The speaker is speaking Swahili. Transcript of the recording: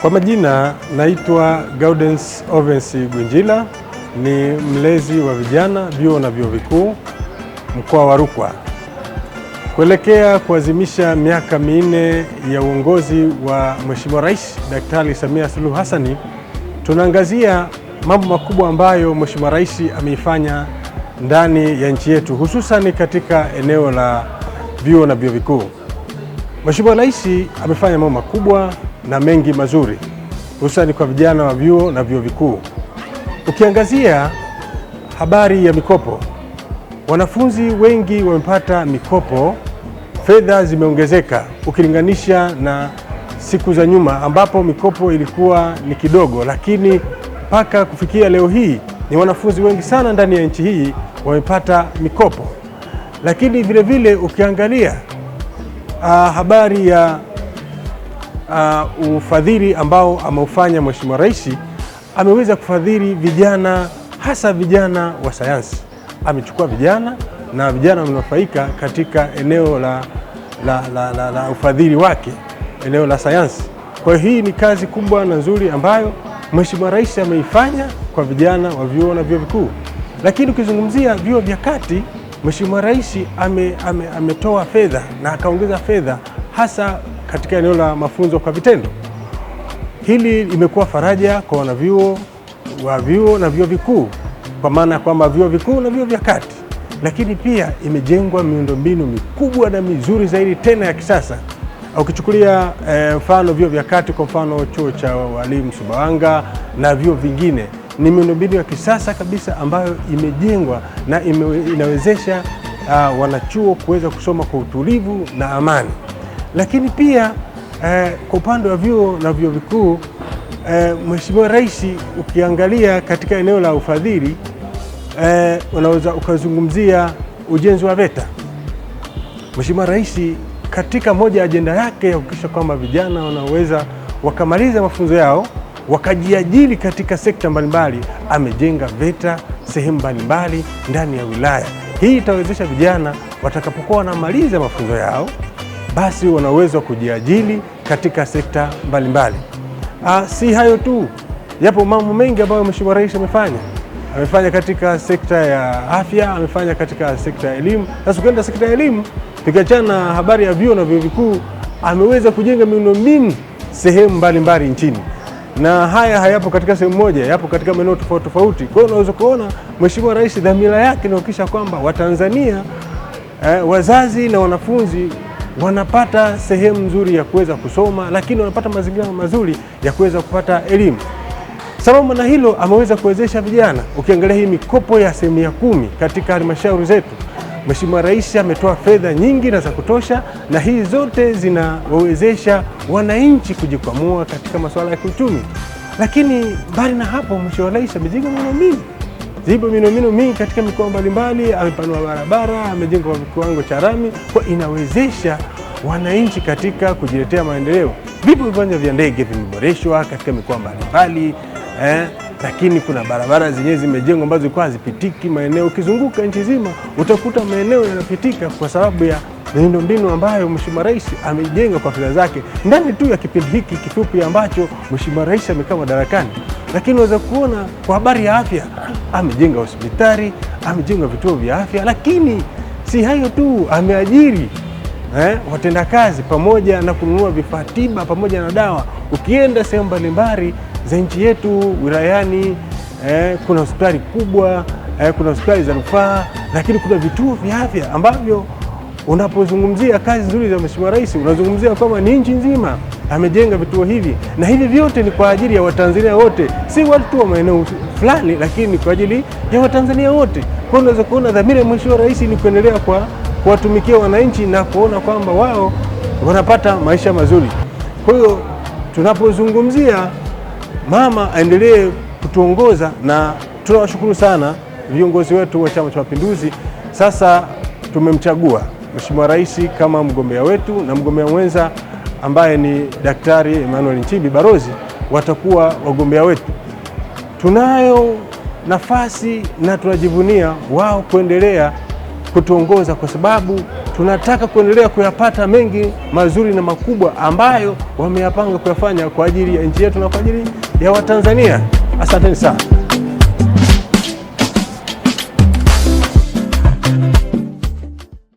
Kwa majina naitwa Gaudens Ovens Gwinjila, ni mlezi wa vijana vyuo na vyuo vikuu mkoa wa Rukwa. Kuelekea kuadhimisha miaka minne ya uongozi wa Mheshimiwa Rais Daktari Samia Suluhu Hassani, tunaangazia mambo makubwa ambayo Mheshimiwa Rais ameifanya ndani ya nchi yetu, hususan katika eneo la vyuo na vyuo vikuu. Mheshimiwa Rais amefanya mambo makubwa na mengi mazuri, hususani kwa vijana wa vyuo na vyuo vikuu. Ukiangazia habari ya mikopo, wanafunzi wengi wamepata mikopo, fedha zimeongezeka ukilinganisha na siku za nyuma ambapo mikopo ilikuwa ni kidogo, lakini mpaka kufikia leo hii ni wanafunzi wengi sana ndani ya nchi hii wamepata mikopo. Lakini vilevile vile ukiangalia uh, habari ya uh, ufadhili ambao ameufanya Mheshimiwa Rais, ameweza kufadhili vijana, hasa vijana wa sayansi. Amechukua vijana na vijana wamenufaika katika eneo la, la, la, la, la ufadhili wake, eneo la sayansi. Kwa hiyo hii ni kazi kubwa na nzuri ambayo Mheshimiwa Rais ameifanya kwa vijana wa vyuo na vyuo vikuu. Lakini ukizungumzia vyuo vya kati, Mheshimiwa Rais ametoa ame, ame fedha na akaongeza fedha hasa katika eneo la mafunzo kwa vitendo. Hili imekuwa faraja kwa wanavyuo wa vyuo na vyuo vikuu, kwa maana ya kwamba vyuo vikuu na vyuo vya kati, lakini pia imejengwa miundombinu mikubwa na mizuri zaidi tena ya kisasa. Ukichukulia eh, mfano eh, vyuo vya kati, kwa mfano chuo cha walimu Sumbawanga na vyuo vingine, ni miundombinu ya kisasa kabisa ambayo imejengwa na ime, inawezesha uh, wanachuo kuweza kusoma kwa utulivu na amani. Lakini pia eh, kwa upande wa vyuo na vyuo vikuu eh, Mheshimiwa Rais, ukiangalia katika eneo la ufadhili eh, unaweza ukazungumzia ujenzi wa VETA. Mheshimiwa Rais katika moja ya ajenda yake ya kuhakikisha kwamba vijana wanaweza wakamaliza mafunzo yao wakajiajiri katika sekta mbalimbali, amejenga VETA sehemu mbalimbali ndani ya wilaya. Hii itawezesha vijana watakapokuwa wanamaliza mafunzo yao basi wana uwezo wa kujiajili katika sekta mbalimbali. Ah, si hayo tu, yapo mambo mengi ambayo Mheshimiwa Rais amefanya. Amefanya katika sekta ya afya, amefanya katika sekta ya elimu. Sasa ukienda sekta ya elimu, tukiachana na habari ya vyuo na vyuo vikuu, ameweza kujenga miundombinu sehemu mbalimbali nchini, na haya hayapo katika sehemu moja, yapo katika maeneo tofauti tofauti. Kwa hiyo unaweza kuona Mheshimiwa Rais dhamira yake ni kuhakikisha kwamba Watanzania eh, wazazi na wanafunzi wanapata sehemu nzuri ya kuweza kusoma, lakini wanapata mazingira mazuri ya kuweza kupata elimu. Sambamba na hilo, ameweza kuwezesha vijana. Ukiangalia hii mikopo ya asilimia kumi katika halmashauri zetu, Mheshimiwa Rais ametoa fedha nyingi na za kutosha, na hii zote zinawawezesha wananchi kujikwamua katika masuala ya kiuchumi. Lakini mbali na hapo, Mheshimiwa Rais amejenga miundombinu zipo miundombinu mingi katika mikoa mbalimbali, amepanua barabara, amejenga kwa kiwango cha rami, kwa inawezesha wananchi katika kujiletea maendeleo. Vipo viwanja vya ndege vimeboreshwa katika mikoa mbalimbali eh, lakini kuna barabara zenyewe zimejengwa ambazo zilikuwa hazipitiki maeneo. Ukizunguka nchi zima utakuta maeneo yanapitika kwa sababu ya miundombinu ambayo Mheshimiwa Rais ameijenga kwa fedha zake ndani tu ya kipindi hiki kifupi ambacho Mheshimiwa Rais amekaa madarakani. Lakini unaweza kuona kwa habari ya afya, amejenga hospitali, amejenga vituo vya afya, lakini si hayo tu, ameajiri eh, watendakazi pamoja na kununua vifaa tiba pamoja na dawa. Ukienda sehemu mbalimbali za nchi yetu wilayani, eh, kuna hospitali kubwa eh, kuna hospitali za rufaa, lakini kuna vituo vya afya ambavyo Unapozungumzia kazi nzuri za Mheshimiwa Rais unazungumzia kwamba ni nchi nzima amejenga vituo hivi, na hivi vyote ni kwa ajili ya Watanzania wote, si watu wa maeneo fulani, lakini ni kwa ajili ya Watanzania wote. Kwa unaweza kuona dhamira ya Mheshimiwa Rais ni kuendelea kwa kuwatumikia wananchi na kuona kwamba wao wanapata maisha mazuri. Kwa hiyo tunapozungumzia mama aendelee kutuongoza, na tunawashukuru sana viongozi wetu wa Chama cha Mapinduzi. Sasa tumemchagua Mheshimiwa Rais kama mgombea wetu na mgombea mwenza ambaye ni Daktari Emmanuel Nchimbi Barozi watakuwa wagombea wetu. Tunayo nafasi na tunajivunia wao kuendelea kutuongoza kwa sababu tunataka kuendelea kuyapata mengi mazuri na makubwa ambayo wameyapanga kuyafanya kwa ajili ya nchi yetu na kwa ajili ya Watanzania. Asanteni sana.